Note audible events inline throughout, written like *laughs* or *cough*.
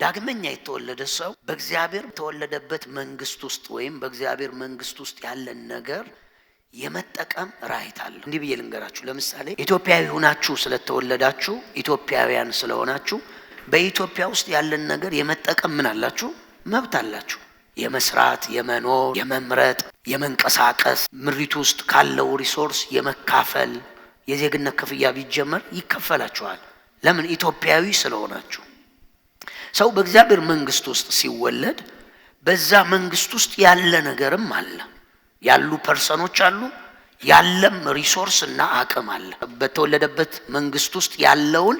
ዳግመኛ የተወለደ ሰው በእግዚአብሔር የተወለደበት መንግስት ውስጥ ወይም በእግዚአብሔር መንግስት ውስጥ ያለን ነገር የመጠቀም ራይት አለ። እንዲህ ብዬ ልንገራችሁ። ለምሳሌ ኢትዮጵያዊ ሁናችሁ ስለተወለዳችሁ ኢትዮጵያውያን ስለሆናችሁ በኢትዮጵያ ውስጥ ያለን ነገር የመጠቀም ምን አላችሁ? መብት አላችሁ። የመስራት የመኖር የመምረጥ የመንቀሳቀስ ምሪት ውስጥ ካለው ሪሶርስ የመካፈል የዜግነት ክፍያ ቢጀመር ይከፈላችኋል። ለምን? ኢትዮጵያዊ ስለሆናችሁ። ሰው በእግዚአብሔር መንግስት ውስጥ ሲወለድ በዛ መንግስት ውስጥ ያለ ነገርም አለ፣ ያሉ ፐርሰኖች አሉ፣ ያለም ሪሶርስ እና አቅም አለ። በተወለደበት መንግስት ውስጥ ያለውን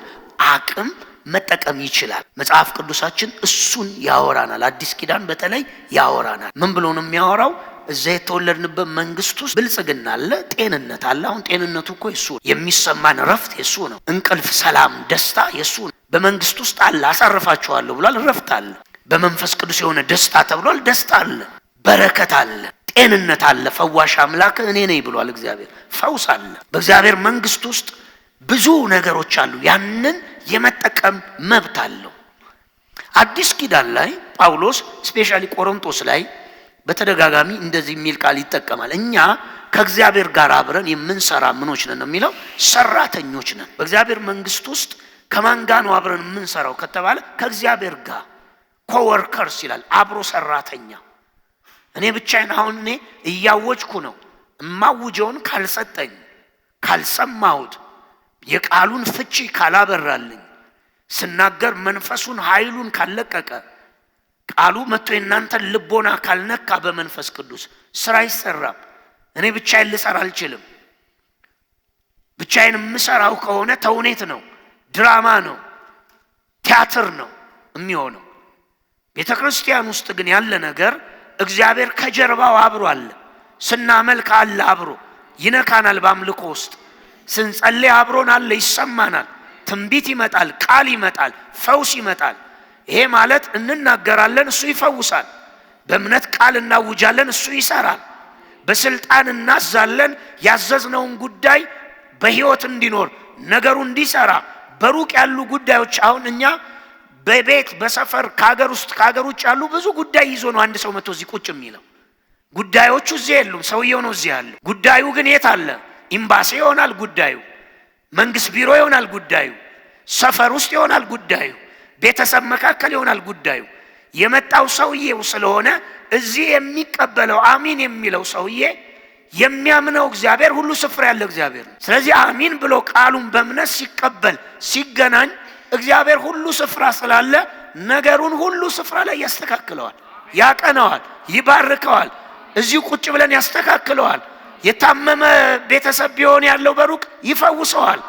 አቅም መጠቀም ይችላል። መጽሐፍ ቅዱሳችን እሱን ያወራናል። አዲስ ኪዳን በተለይ ያወራናል። ምን ብሎ ነው የሚያወራው? እዛ የተወለድንበት መንግስት ውስጥ ብልጽግና አለ፣ ጤንነት አለ። አሁን ጤንነቱ እኮ የሱ ነው። የሚሰማን እረፍት የሱ ነው። እንቅልፍ፣ ሰላም፣ ደስታ የሱ ነው። በመንግስት ውስጥ አለ። አሳርፋችኋለሁ ብሏል፣ ረፍት አለ። በመንፈስ ቅዱስ የሆነ ደስታ ተብሏል፣ ደስታ አለ። በረከት አለ። ጤንነት አለ። ፈዋሽ አምላክ እኔ ነኝ ብሏል እግዚአብሔር። ፈውስ አለ። በእግዚአብሔር መንግስት ውስጥ ብዙ ነገሮች አሉ። ያንን የመጠቀም መብት አለው። አዲስ ኪዳን ላይ ጳውሎስ ስፔሻሊ ቆሮንቶስ ላይ በተደጋጋሚ እንደዚህ የሚል ቃል ይጠቀማል። እኛ ከእግዚአብሔር ጋር አብረን የምንሰራ ምኖች ነን የሚለው፣ ሰራተኞች ነን። በእግዚአብሔር መንግስት ውስጥ ከማን ጋር ነው አብረን የምንሰራው ከተባለ ከእግዚአብሔር ጋር ኮወርከርስ ይላል፣ አብሮ ሰራተኛ። እኔ ብቻዬን አሁን እኔ እያወጅኩ ነው። እማውጀውን ካልሰጠኝ ካልሰማሁት የቃሉን ፍቺ ካላበራልኝ ስናገር መንፈሱን ኃይሉን ካልለቀቀ ቃሉ መጥቶ የእናንተን ልቦና ካልነካ በመንፈስ ቅዱስ ስራ አይሰራም። እኔ ብቻዬን ልሰራ አልችልም። ብቻዬን የምሰራው ከሆነ ተውኔት ነው፣ ድራማ ነው፣ ቲያትር ነው የሚሆነው። ቤተ ክርስቲያን ውስጥ ግን ያለ ነገር እግዚአብሔር ከጀርባው አብሮ አለ። ስናመልክ አለ አብሮ ይነካናል። በአምልኮ ውስጥ ስንጸልይ አብሮን አለ፣ ይሰማናል። ትንቢት ይመጣል፣ ቃል ይመጣል፣ ፈውስ ይመጣል። ይሄ ማለት እንናገራለን፣ እሱ ይፈውሳል። በእምነት ቃል እናውጃለን፣ እሱ ይሰራል። በስልጣን እናዛለን፣ ያዘዝነውን ጉዳይ በህይወት እንዲኖር ነገሩ እንዲሰራ በሩቅ ያሉ ጉዳዮች አሁን እኛ በቤት በሰፈር ከሀገር ውስጥ ከሀገር ውጭ ያሉ ብዙ ጉዳይ ይዞ ነው አንድ ሰው መጥቶ እዚህ ቁጭ የሚለው። ጉዳዮቹ እዚህ የሉም፣ ሰውየው ነው እዚህ ያለው። ጉዳዩ ግን የት አለ? ኢምባሲ ይሆናል ጉዳዩ፣ መንግስት ቢሮ ይሆናል ጉዳዩ፣ ሰፈር ውስጥ ይሆናል ጉዳዩ፣ ቤተሰብ መካከል ይሆናል ጉዳዩ። የመጣው ሰውዬው ስለሆነ እዚህ የሚቀበለው አሚን የሚለው ሰውዬ የሚያምነው እግዚአብሔር ሁሉ ስፍራ ያለው እግዚአብሔር ነው። ስለዚህ አሚን ብሎ ቃሉን በእምነት ሲቀበል ሲገናኝ እግዚአብሔር ሁሉ ስፍራ ስላለ ነገሩን ሁሉ ስፍራ ላይ ያስተካክለዋል፣ ያቀነዋል፣ ይባርከዋል። እዚሁ ቁጭ ብለን ያስተካክለዋል። የታመመ ቤተሰብ ቢሆን ያለው በሩቅ ይፈውሰዋል።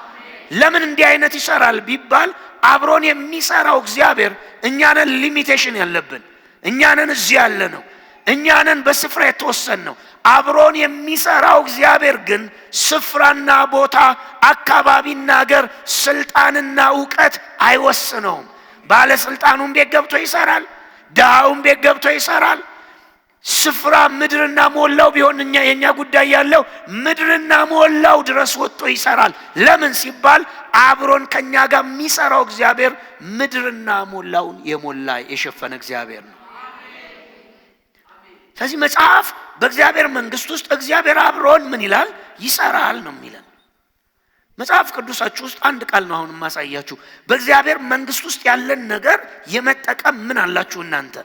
ለምን እንዲህ አይነት ይሰራል ቢባል አብሮን የሚሰራው እግዚአብሔር እኛንን ሊሚቴሽን ያለብን እኛንን እዚህ ያለ ነው እኛንን በስፍራ የተወሰን ነው። አብሮን የሚሰራው እግዚአብሔር ግን ስፍራና ቦታ፣ አካባቢና አገር፣ ስልጣንና እውቀት አይወስነውም። ባለስልጣኑም ቤት ገብቶ ይሰራል፣ ድሃውም ቤት ገብቶ ይሰራል። ስፍራ ምድርና ሞላው ቢሆን እኛ የእኛ ጉዳይ ያለው ምድርና ሞላው ድረስ ወጥቶ ይሰራል። ለምን ሲባል አብሮን ከእኛ ጋር የሚሰራው እግዚአብሔር ምድርና ሞላውን የሞላ የሸፈነ እግዚአብሔር ነው። ስለዚህ መጽሐፍ በእግዚአብሔር መንግስት ውስጥ እግዚአብሔር አብሮን ምን ይላል ይሰራል ነው የሚለን። መጽሐፍ ቅዱሳችሁ ውስጥ አንድ ቃል ነው አሁን የማሳያችሁ። በእግዚአብሔር መንግስት ውስጥ ያለን ነገር የመጠቀም ምን አላችሁ እናንተ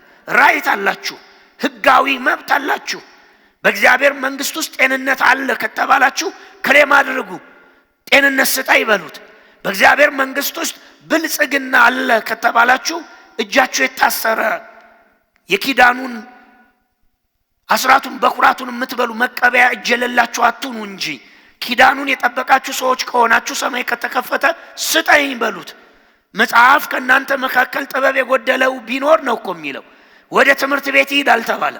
ራይት አላችሁ ህጋዊ መብት አላችሁ። በእግዚአብሔር መንግስት ውስጥ ጤንነት አለ ከተባላችሁ ክሌም አድርጉ። ጤንነት ስጣ ይበሉት። በእግዚአብሔር መንግስት ውስጥ ብልጽግና አለ ከተባላችሁ እጃችሁ የታሰረ የኪዳኑን አስራቱን በኩራቱን የምትበሉ መቀበያ እጅ የሌላችሁ አትኑ እንጂ ኪዳኑን የጠበቃችሁ ሰዎች ከሆናችሁ ሰማይ ከተከፈተ ስጠኝ በሉት። መጽሐፍ ከእናንተ መካከል ጥበብ የጎደለው ቢኖር ነው እኮ የሚለው ወደ ትምህርት ቤት አልተባለ።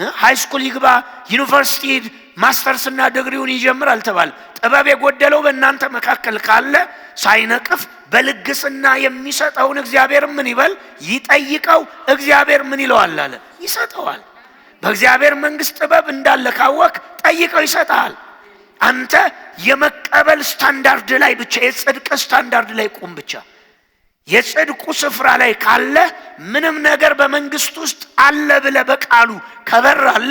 ሃይ ሃይስኩል ይግባ፣ ዩኒቨርሲቲ ሂድ፣ ማስተርስና ድግሪውን ይጀምር አልተባለ። ጥበብ የጎደለው በእናንተ መካከል ካለ ሳይነቅፍ በልግስና የሚሰጠውን እግዚአብሔር ምን ይበል ይጠይቀው። እግዚአብሔር ምን ይለዋል አለ ይሰጠዋል። በእግዚአብሔር መንግስት ጥበብ እንዳለ ካወቅ ጠይቀው ይሰጠሃል። አንተ የመቀበል ስታንዳርድ ላይ ብቻ የጽድቅ ስታንዳርድ ላይ ቁም ብቻ የጽድቁ ስፍራ ላይ ካለ ምንም ነገር በመንግስት ውስጥ አለ ብለ በቃሉ ከበር አለ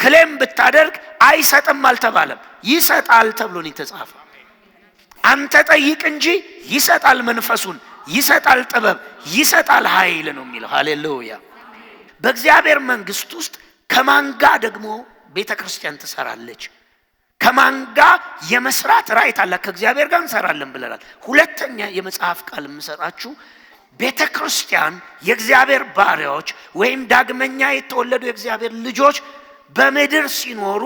ክሌም ብታደርግ አይሰጥም አልተባለም። ይሰጣል ተብሎ ነው የተጻፈ። አንተ ጠይቅ እንጂ ይሰጣል፣ መንፈሱን ይሰጣል፣ ጥበብ ይሰጣል፣ ኃይል ነው የሚለው። ሃሌሉያ። በእግዚአብሔር መንግስት ውስጥ ከማንጋ ደግሞ ቤተ ክርስቲያን ትሰራለች? ከማን ጋር የመስራት ራይት አለ? ከእግዚአብሔር ጋር እንሰራለን ብለናል። ሁለተኛ የመጽሐፍ ቃል የምሰጣችሁ ቤተ ክርስቲያን የእግዚአብሔር ባሪያዎች ወይም ዳግመኛ የተወለዱ የእግዚአብሔር ልጆች በምድር ሲኖሩ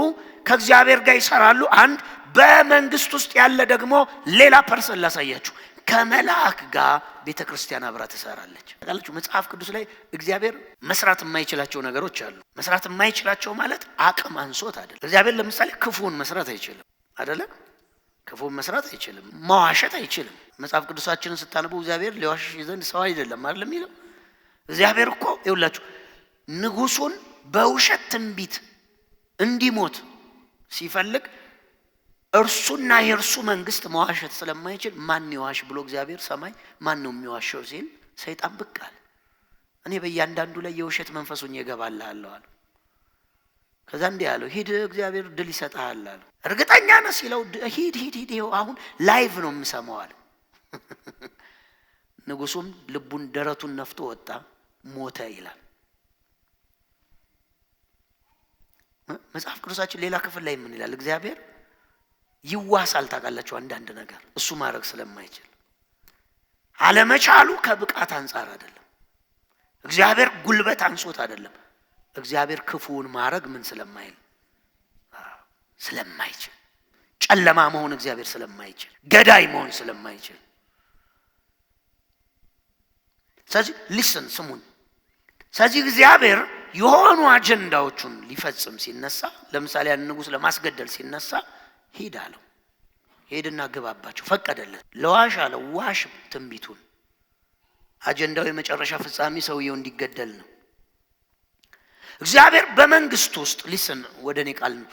ከእግዚአብሔር ጋር ይሰራሉ። አንድ በመንግስት ውስጥ ያለ ደግሞ ሌላ ፐርሰን ላሳያችሁ። ከመልአክ ጋር ቤተ ክርስቲያን አብራ ትሰራለች። ታውቃላችሁ፣ መጽሐፍ ቅዱስ ላይ እግዚአብሔር መስራት የማይችላቸው ነገሮች አሉ። መስራት የማይችላቸው ማለት አቅም አንሶት አይደለም። እግዚአብሔር ለምሳሌ ክፉውን መስራት አይችልም አይደለም። ክፉን መስራት አይችልም። መዋሸት አይችልም። መጽሐፍ ቅዱሳችንን ስታነቡ እግዚአብሔር ሊዋሽሽ ዘንድ ሰው አይደለም አይደለም የሚለው እግዚአብሔር እኮ ይውላችሁ ንጉሱን በውሸት ትንቢት እንዲሞት ሲፈልግ እርሱና የእርሱ መንግስት መዋሸት ስለማይችል ማን ይዋሽ ብሎ እግዚአብሔር ሰማይ ማን ነው የሚዋሸው ሲል ሰይጣን ብቅ አለ። እኔ በእያንዳንዱ ላይ የውሸት መንፈሱን እገባልሃለሁ አለ። ከዛ እንዲህ አለው፣ ሂድ እግዚአብሔር ድል ይሰጠሃል አለ። እርግጠኛ ነህ ሲለው፣ ሂድ ሂድ ሂድ፣ ይኸው አሁን ላይቭ ነው የምሰማው አለ። *laughs* ንጉሱም ልቡን ደረቱን ነፍቶ ወጣ፣ ሞተ ይላል መጽሐፍ ቅዱሳችን ሌላ ክፍል ላይ ምን ይላል? እግዚአብሔር ይዋሳል። ታውቃላችሁ አንዳንድ ነገር እሱ ማድረግ ስለማይችል አለመቻሉ ከብቃት አንጻር አይደለም። እግዚአብሔር ጉልበት አንሶት አይደለም። እግዚአብሔር ክፉውን ማድረግ ምን ስለማይል ስለማይችል ጨለማ መሆን እግዚአብሔር ስለማይችል ገዳይ መሆን ስለማይችል ስለዚህ ሊስን ስሙን። ስለዚህ እግዚአብሔር የሆኑ አጀንዳዎቹን ሊፈጽም ሲነሳ፣ ለምሳሌ ያን ንጉሥ ለማስገደል ሲነሳ ሂድ አለው። ሄድና ግባባቸው ፈቀደለት። ለዋሽ አለው። ዋሽ ትንቢቱን አጀንዳው የመጨረሻ ፍጻሜ ሰውየው እንዲገደል ነው። እግዚአብሔር በመንግስት ውስጥ ሊስን ወደ እኔ ቃል ነው።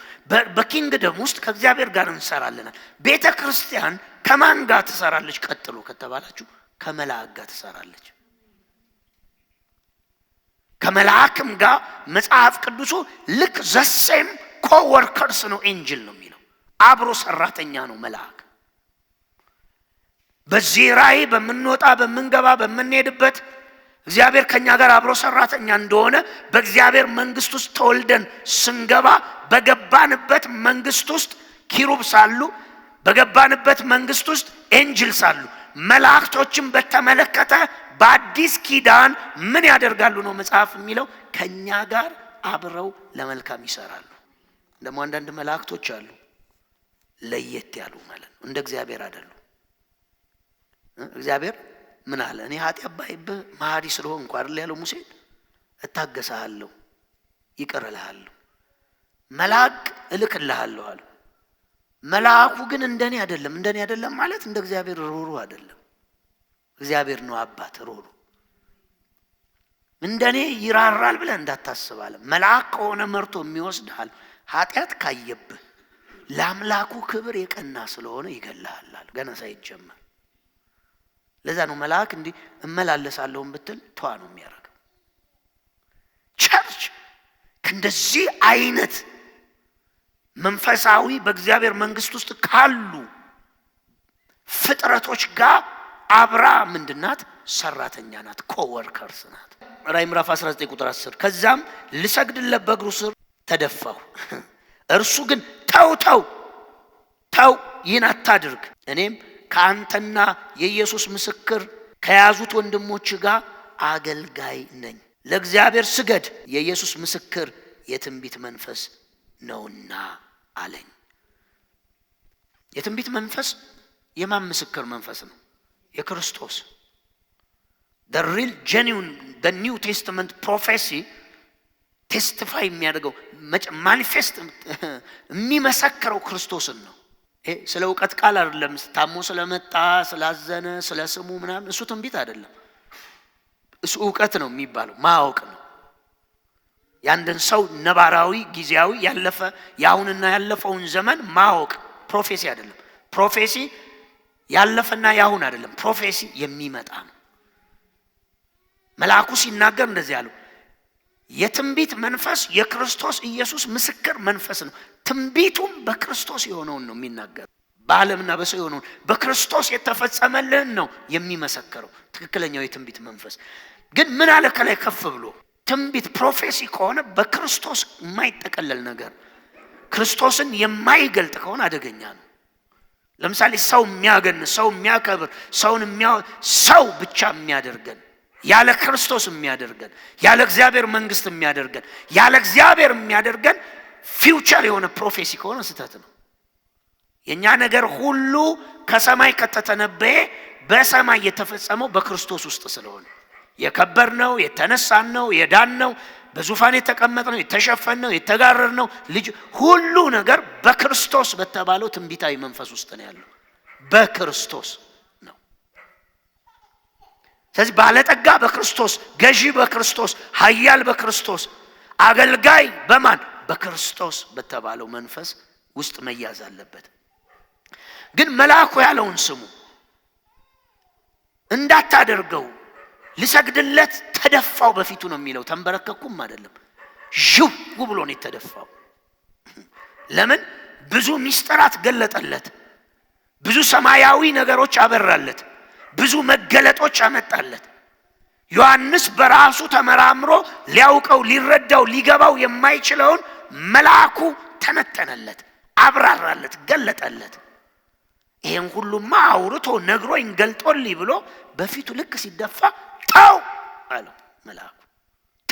በኪንግደም ውስጥ ከእግዚአብሔር ጋር እንሰራለናል። ቤተ ክርስቲያን ከማን ጋር ትሰራለች? ቀጥሎ ከተባላችሁ ከመላእክ ጋር ትሰራለች። ከመላእክም ጋር መጽሐፍ ቅዱሱ ልክ ዘሴም ኮወርከርስ ነው። ኤንጅል ነው አብሮ ሰራተኛ ነው መልአክ። በዚህ ራእይ በምንወጣ በምንገባ በምንሄድበት እግዚአብሔር ከኛ ጋር አብሮ ሰራተኛ እንደሆነ በእግዚአብሔር መንግስት ውስጥ ተወልደን ስንገባ በገባንበት መንግስት ውስጥ ኪሩብ ሳሉ በገባንበት መንግስት ውስጥ ኤንጅል ሳሉ መላእክቶችን በተመለከተ በአዲስ ኪዳን ምን ያደርጋሉ ነው መጽሐፍ የሚለው? ከኛ ጋር አብረው ለመልካም ይሰራሉ። ደግሞ አንዳንድ መላእክቶች አሉ ለየት ያሉ ማለት ነው። እንደ እግዚአብሔር አይደሉ። እግዚአብሔር ምን አለ? እኔ ኃጢአት ባይብህ መሐሪ ስለሆን እንኳ አይደል ያለው ሙሴን እታገሳሃለሁ፣ ይቅር እልሃለሁ፣ መልአክ እልክልሃለሁ አለ። መልአኩ ግን እንደኔ አይደለም። እንደኔ አይደለም ማለት እንደ እግዚአብሔር ሩሩ አይደለም። እግዚአብሔር ነው አባት ሩሩ። እንደኔ ይራራል ብለህ እንዳታስባለ። መልአክ ከሆነ መርቶ የሚወስድሃል ኃጢአት ካየብህ ለአምላኩ ክብር የቀና ስለሆነ ይገላሃላል ገና ሳይጀመር። ለዛ ነው መልአክ እንዲህ እመላለሳለሁን ብትል ተዋ ነው የሚያደርገው። ቸርች ከእንደዚህ አይነት መንፈሳዊ በእግዚአብሔር መንግስት ውስጥ ካሉ ፍጥረቶች ጋር አብራ ምንድናት? ሰራተኛ ናት፣ ኮወርከርስ ናት። ራይ ምዕራፍ 19 ቁጥር 10 ከዛም ልሰግድለት በእግሩ ስር ተደፋሁ *laughs* እርሱ ግን ተው ተው ተው ይህን አታድርግ፣ እኔም ከአንተና የኢየሱስ ምስክር ከያዙት ወንድሞች ጋር አገልጋይ ነኝ። ለእግዚአብሔር ስገድ፣ የኢየሱስ ምስክር የትንቢት መንፈስ ነውና አለኝ። የትንቢት መንፈስ የማን ምስክር መንፈስ ነው? የክርስቶስ the real genuine the New ቴስቲፋይ የሚያደርገው ማኒፌስት የሚመሰክረው ክርስቶስን ነው። ስለ እውቀት ቃል አይደለም። ታሞ ስለመጣ ስላዘነ፣ ስለ ስሙ ምናምን እሱ ትንቢት አይደለም። እሱ እውቀት ነው የሚባለው ማወቅ ነው። የአንድን ሰው ነባራዊ፣ ጊዜያዊ፣ ያለፈ የአሁንና ያለፈውን ዘመን ማወቅ ፕሮፌሲ አይደለም። ፕሮፌሲ ያለፈና የአሁን አይደለም። ፕሮፌሲ የሚመጣ ነው። መልአኩ ሲናገር እንደዚህ አለው የትንቢት መንፈስ የክርስቶስ ኢየሱስ ምስክር መንፈስ ነው። ትንቢቱም በክርስቶስ የሆነውን ነው የሚናገረው። በዓለምና በሰው የሆነውን በክርስቶስ የተፈጸመልህን ነው የሚመሰክረው። ትክክለኛው የትንቢት መንፈስ ግን ምን አለ ከላይ ከፍ ብሎ ትንቢት ፕሮፌሲ ከሆነ በክርስቶስ የማይጠቀለል ነገር ክርስቶስን የማይገልጥ ከሆነ አደገኛ ነው። ለምሳሌ ሰው የሚያገን ሰው የሚያከብር ሰውን ሰው ብቻ የሚያደርገን ያለ ክርስቶስ የሚያደርገን ያለ እግዚአብሔር መንግስት የሚያደርገን ያለ እግዚአብሔር የሚያደርገን ፊውቸር የሆነ ፕሮፌሲ ከሆነ ስህተት ነው። የእኛ ነገር ሁሉ ከሰማይ ከተተነበየ በሰማይ የተፈጸመው በክርስቶስ ውስጥ ስለሆነ የከበርነው፣ የተነሳነው፣ ነው በዙፋን ነው የተጋረር ነው ልጅ ሁሉ ነገር በክርስቶስ በተባለው ትንቢታዊ መንፈስ ውስጥ ነው ያለው በክርስቶስ ስለዚህ ባለጠጋ በክርስቶስ ገዢ በክርስቶስ ሀያል በክርስቶስ አገልጋይ በማን በክርስቶስ በተባለው መንፈስ ውስጥ መያዝ አለበት። ግን መልአኩ ያለውን ስሙ እንዳታደርገው ልሰግድለት ተደፋው በፊቱ ነው የሚለው። ተንበረከኩም አይደለም ዥው ብሎ ነው የተደፋው። ለምን? ብዙ ሚስጥራት ገለጠለት፣ ብዙ ሰማያዊ ነገሮች አበራለት። ብዙ መገለጦች አመጣለት። ዮሐንስ በራሱ ተመራምሮ ሊያውቀው ሊረዳው ሊገባው የማይችለውን መልአኩ ተነተነለት፣ አብራራለት፣ ገለጠለት። ይህን ሁሉማ አውርቶ ነግሮኝ ገልጦልኝ ብሎ በፊቱ ልክ ሲደፋ ተው አለው መልአኩ።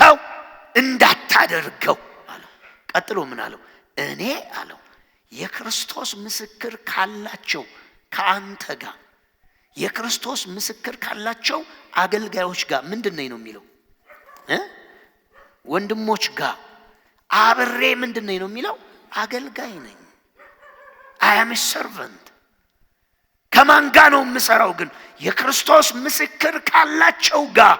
ተው እንዳታደርገው አለው። ቀጥሎ ምን አለው? እኔ አለው የክርስቶስ ምስክር ካላቸው ከአንተ ጋር የክርስቶስ ምስክር ካላቸው አገልጋዮች ጋር ምንድን ነኝ ነው የሚለው ወንድሞች ጋር አብሬ ምንድን ነኝ ነው የሚለው አገልጋይ ነኝ አያም ሰርቨንት ከማን ጋ ነው የምሰራው ግን የክርስቶስ ምስክር ካላቸው ጋር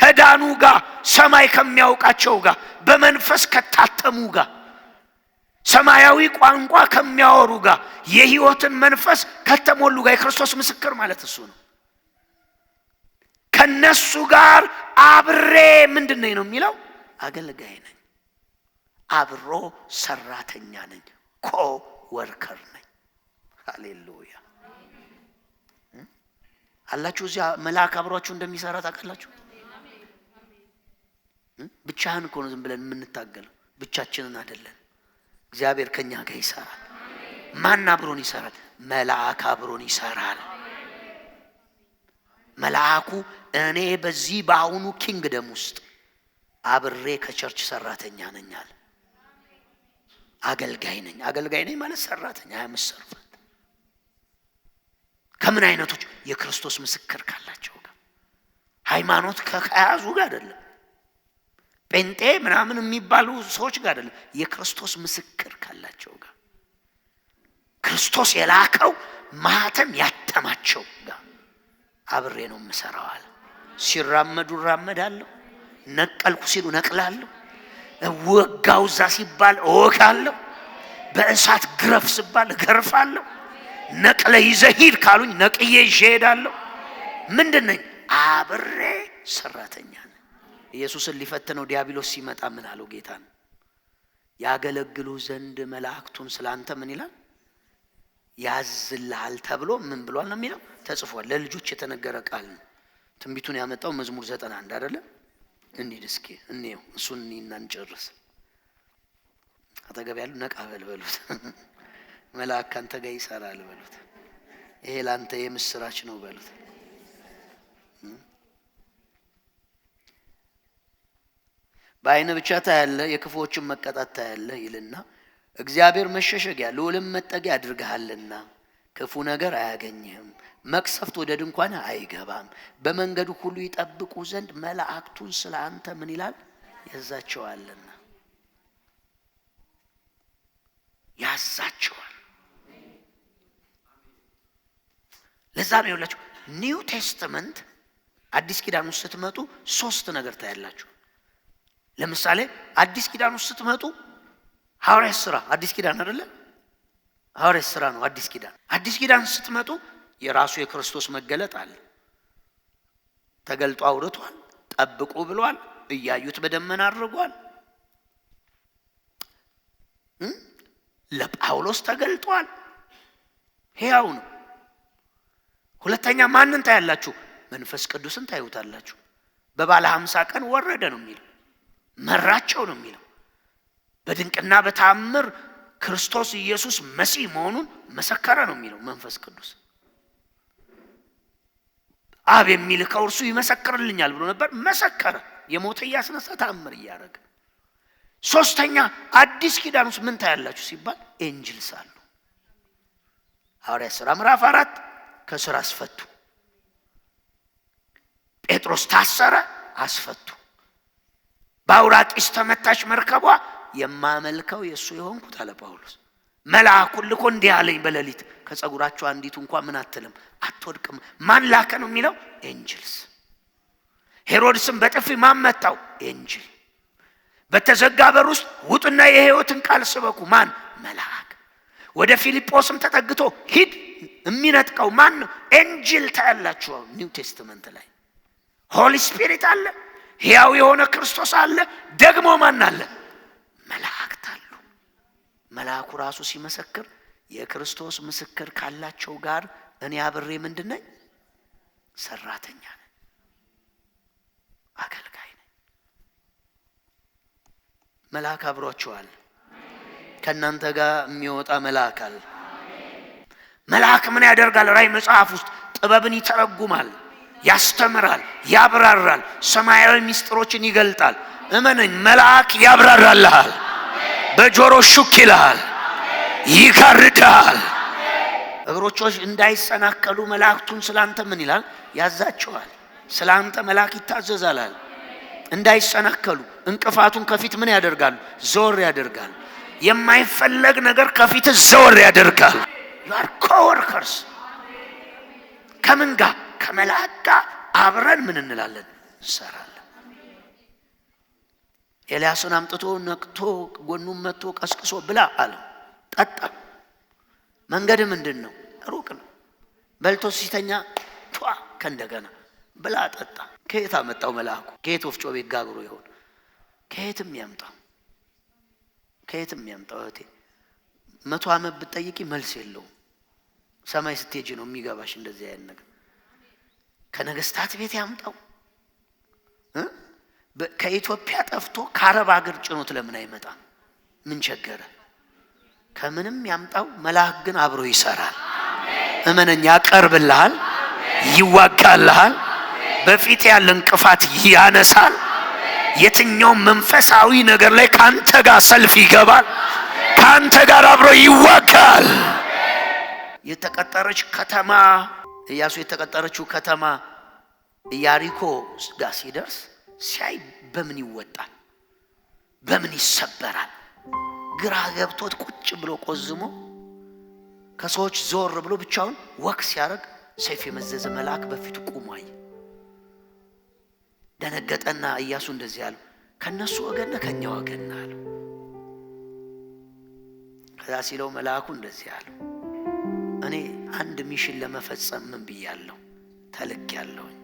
ከዳኑ ጋር ሰማይ ከሚያውቃቸው ጋር በመንፈስ ከታተሙ ጋር ሰማያዊ ቋንቋ ከሚያወሩ ጋር የህይወትን መንፈስ ከተሞሉ ጋር የክርስቶስ ምስክር ማለት እሱ ነው። ከነሱ ጋር አብሬ ምንድን ነኝ ነው የሚለው? አገልጋይ ነኝ፣ አብሮ ሰራተኛ ነኝ፣ ኮ ወርከር ነኝ። ሃሌሉያ አላችሁ። እዚያ መልአክ አብሯችሁ እንደሚሰራ ታውቃላችሁ። ብቻህን እኮ ነው ዝም ብለን የምንታገለው፣ ብቻችንን አይደለን። እግዚአብሔር ከኛ ጋር ይሰራል። ማን አብሮን ይሰራል? መልአክ አብሮን ይሰራል። መልአኩ እኔ በዚህ በአሁኑ ኪንግደም ውስጥ አብሬ ከቸርች ሰራተኛ ነኝ አለ። አገልጋይ ነኝ። አገልጋይ ነኝ ማለት ሰራተኛ ያመሰርፋት ከምን አይነቶች የክርስቶስ ምስክር ካላቸው ጋር ሃይማኖት ከያዙ ጋር አይደለም ጴንጤ ምናምን የሚባሉ ሰዎች ጋር አይደለም፣ የክርስቶስ ምስክር ካላቸው ጋር ክርስቶስ የላከው ማህተም ያተማቸው ጋር አብሬ ነው የምሰራው አለ። ሲራመዱ እራመዳለሁ፣ ነቀልኩ ሲሉ ነቅላለሁ፣ ወጋው እዛ ሲባል እወጋለሁ፣ በእሳት ግረፍ ስባል እገርፋለሁ፣ ነቅለ ይዘህ ሂድ ካሉኝ ነቅዬ ይዤ እሄዳለሁ። ምንድን ነኝ? አብሬ ሰራተኛ ነኝ። ኢየሱስን ሊፈትነው ዲያብሎስ ሲመጣ ምን አለው? ጌታን ያገለግሉ ዘንድ መላእክቱን ስላንተ ምን ይላል ያዝልሃል ተብሎ ምን ብሏል ነው የሚለው ተጽፏል። ለልጆች የተነገረ ቃል ነው። ትንቢቱን ያመጣው መዝሙር ዘጠና አንድ አይደለም? እንሂድ እስኪ እኔው እሱን እኒና እንጨርስ። አጠገብ ያሉ ነቃ በል በሉት። *laughs* መልአክ ካንተ ጋር ይሰራል በሉት። ይሄ ላንተ የምስራች ነው በሉት። በአይን ብቻ ታያለ፣ የክፎችን መቀጣት ታያለ ይልና እግዚአብሔር መሸሸጊያ ልዑልም መጠጊያ አድርግሃልና ክፉ ነገር አያገኝህም፣ መቅሰፍት ወደ ድንኳን አይገባም። በመንገዱ ሁሉ ይጠብቁ ዘንድ መላእክቱን ስለ አንተ ምን ይላል ያዛቸዋልና ያዛቸዋል። ለዛ ነው ያላችሁ ኒው ቴስትመንት አዲስ ኪዳን ውስጥ ስትመጡ ሶስት ነገር ታያላችሁ። ለምሳሌ አዲስ ኪዳን ውስጥ ስትመጡ ሐዋርያት ስራ አዲስ ኪዳን አይደለ? ሐዋርያት ስራ ነው አዲስ ኪዳን። አዲስ ኪዳን ስትመጡ የራሱ የክርስቶስ መገለጥ አለ። ተገልጦ አውርቷል፣ ጠብቁ ብሏል፣ እያዩት በደመና አድርጓል። ለጳውሎስ ተገልጧል፣ ሕያው ነው። ሁለተኛ ማንን ታያላችሁ? መንፈስ ቅዱስን ታዩታላችሁ። በባለ ሀምሳ ቀን ወረደ ነው የሚል መራቸው ነው የሚለው። በድንቅና በታምር ክርስቶስ ኢየሱስ መሲህ መሆኑን መሰከረ ነው የሚለው መንፈስ ቅዱስ። አብ የሚልከው እርሱ ይመሰክርልኛል ብሎ ነበር፣ መሰከረ። የሞተ እያስነሳ ታምር እያደረገ ሶስተኛ አዲስ ኪዳን ውስጥ ምን ታያላችሁ ሲባል ኤንጅልስ አሉ። ሐዋርያ ሥራ ምዕራፍ አራት ከስራ አስፈቱ። ጴጥሮስ ታሰረ፣ አስፈቱ። በአውራቂስ ተመታች መርከቧ የማመልከው የእሱ የሆንኩት አለ ጳውሎስ። መልአኩን ልኮ እንዲህ አለኝ በሌሊት ከጸጉራቸው አንዲቱ እንኳ ምን አትልም አትወድቅም። ማን ላከ ነው የሚለው ኤንጅልስ። ሄሮድስም በጥፊ ማን መታው? ኤንጅል። በተዘጋ በር ውስጥ ውጡና የህይወትን ቃል ስበኩ ማን? መልአክ። ወደ ፊልጶስም ተጠግቶ ሂድ የሚነጥቀው ማን ነው? ኤንጅል ታያላችሁ ኒው ቴስትመንት ላይ ሆሊ ስፒሪት አለ ሕያው የሆነ ክርስቶስ አለ። ደግሞ ማን አለ? መላእክት አሉ። መልአኩ ራሱ ሲመሰክር የክርስቶስ ምስክር ካላቸው ጋር እኔ አብሬ ምንድን ነኝ? ሰራተኛ ነኝ፣ አገልጋይ ነኝ። መልአክ አብሯቸዋል? ከእናንተ ጋር የሚወጣ መልአክ አለ። መልአክ ምን ያደርጋል? ራእይ መጽሐፍ ውስጥ ጥበብን ይተረጉማል። ያስተምራል፣ ያብራራል፣ ሰማያዊ ምስጢሮችን ይገልጣል። እመነኝ፣ መልአክ ያብራራልሃል፣ በጆሮ ሹክ ይልሃል፣ ይካርዳል። እግሮቾች እንዳይሰናከሉ መላእክቱን ስላንተ ምን ይላል? ያዛቸዋል። ስላንተ መልአክ ይታዘዛላል። እንዳይሰናከሉ እንቅፋቱን ከፊት ምን ያደርጋሉ? ዘወር ያደርጋል። የማይፈለግ ነገር ከፊት ዘወር ያደርጋል። ዩአር ኮወርከርስ ከምን ጋር ከመላእክት ጋር አብረን ምን እንላለን? እንሰራለን። ኤልያስን አምጥቶ ነቅቶ ጎኑን መጥቶ ቀስቅሶ ብላ አለ ጠጣ። መንገድ ምንድን ነው? ሩቅ ነው። በልቶ ሲተኛ ቷ ከእንደገና ብላ ጠጣ። ከየት አመጣው መልአኩ? ከየት ወፍጮ ቤት ጋግሮ ይሆን? ከየትም ያምጣው፣ ከየትም ያምጣው። እህቴ መቶ ዓመት ብትጠይቂ መልስ የለውም። ሰማይ ስትሄጂ ነው የሚገባሽ እንደዚህ አይነት ነገር ከነገስታት ቤት ያምጣው ከኢትዮጵያ ጠፍቶ ከአረብ ሀገር ጭኖት ለምን አይመጣም? ምን ቸገረ? ከምንም ያምጣው። መልአክ ግን አብሮ ይሰራል። እመነኝ፣ ያቀርብልሃል፣ ይዋጋልሃል፣ በፊት ያለ እንቅፋት ያነሳል። የትኛውም መንፈሳዊ ነገር ላይ ከአንተ ጋር ሰልፍ ይገባል፣ ከአንተ ጋር አብሮ ይዋጋል። የተቀጠረች ከተማ ኢያሱ የተቀጠረችው ከተማ ኢያሪኮ ጋር ሲደርስ ሲያይ በምን ይወጣል? በምን ይሰበራል? ግራ ገብቶት ቁጭ ብሎ ቆዝሞ ከሰዎች ዞር ብሎ ብቻውን ወክ ሲያደርግ ሰይፍ የመዘዘ መልአክ በፊቱ ቁሞ አየ። ደነገጠና ኢያሱ እንደዚህ ያለው። ከእነሱ ወገን ነህ ከእኛ ወገን ነህ ከዛ ሲለው መልአኩ እንደዚህ አለው እኔ አንድ ሚሽን ለመፈጸም ምን ብያለሁ? ተልክ ያለሁኝ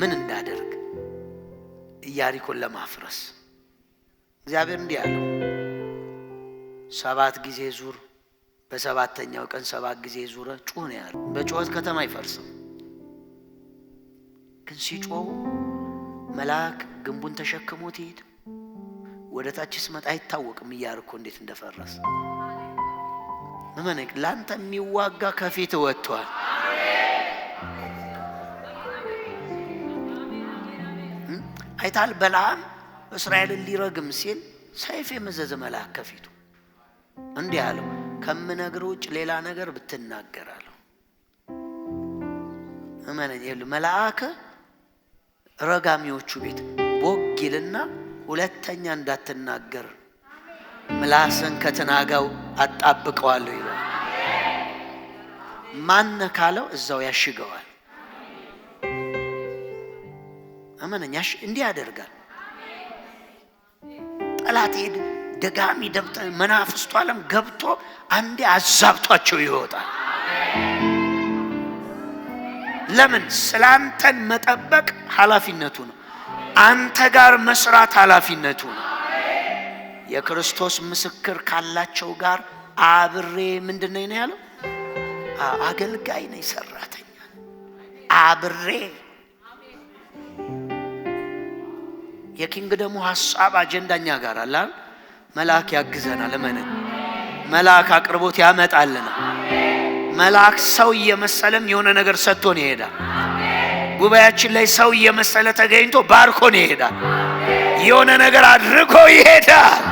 ምን እንዳደርግ ኢያሪኮን ለማፍረስ እግዚአብሔር እንዲህ ያለው ሰባት ጊዜ ዙር፣ በሰባተኛው ቀን ሰባት ጊዜ ዙረ ጩህ ነው ያለው። በጩኸት ከተማ አይፈርስም። ግን ሲጮው መልአክ ግንቡን ተሸክሞት ይሄድ ወደ ታች ስመጣ አይታወቅም። ኢያሪኮ እንዴት እንደፈረሰ እመነኝ፣ ላንተ የሚዋጋ ከፊት ወጥቷል። አይታል በለዓም እስራኤልን ሊረግም ሲል ሰይፍ የመዘዘ መልአክ ከፊቱ እንዲህ አለው፣ ከምነግር ውጭ ሌላ ነገር ብትናገራለሁ። እመነኝ፣ መልአክ ረጋሚዎቹ ቤት ቦጊልና ሁለተኛ እንዳትናገር ምላስን ከተናጋው አጣብቀዋለሁ ይላል። ማነ ካለው እዛው ያሽገዋል። አመነኛ እንዲህ ያደርጋል። ጠላት ሄድ ደጋሚ ደብጠ መናፍስቱ ዓለም ገብቶ አንዴ አዛብቷቸው ይወጣል። ለምን ስላንተን መጠበቅ ኃላፊነቱ ነው። አንተ ጋር መስራት ኃላፊነቱ ነው። የክርስቶስ ምስክር ካላቸው ጋር አብሬ ምንድን ነኝ ነው ያለው? አገልጋይ ነኝ፣ ሰራተኛ አብሬ የኪንግደሙ ሀሳብ አጀንዳኛ ጋር አለ። መልአክ ያግዘናል። ለምን መልአክ አቅርቦት ያመጣልና መልአክ ሰው እየመሰለም የሆነ ነገር ሰጥቶን ይሄዳል። ጉባኤያችን ላይ ሰው እየመሰለ ተገኝቶ ባርኮን ይሄዳል። የሆነ ነገር አድርጎ ይሄዳል።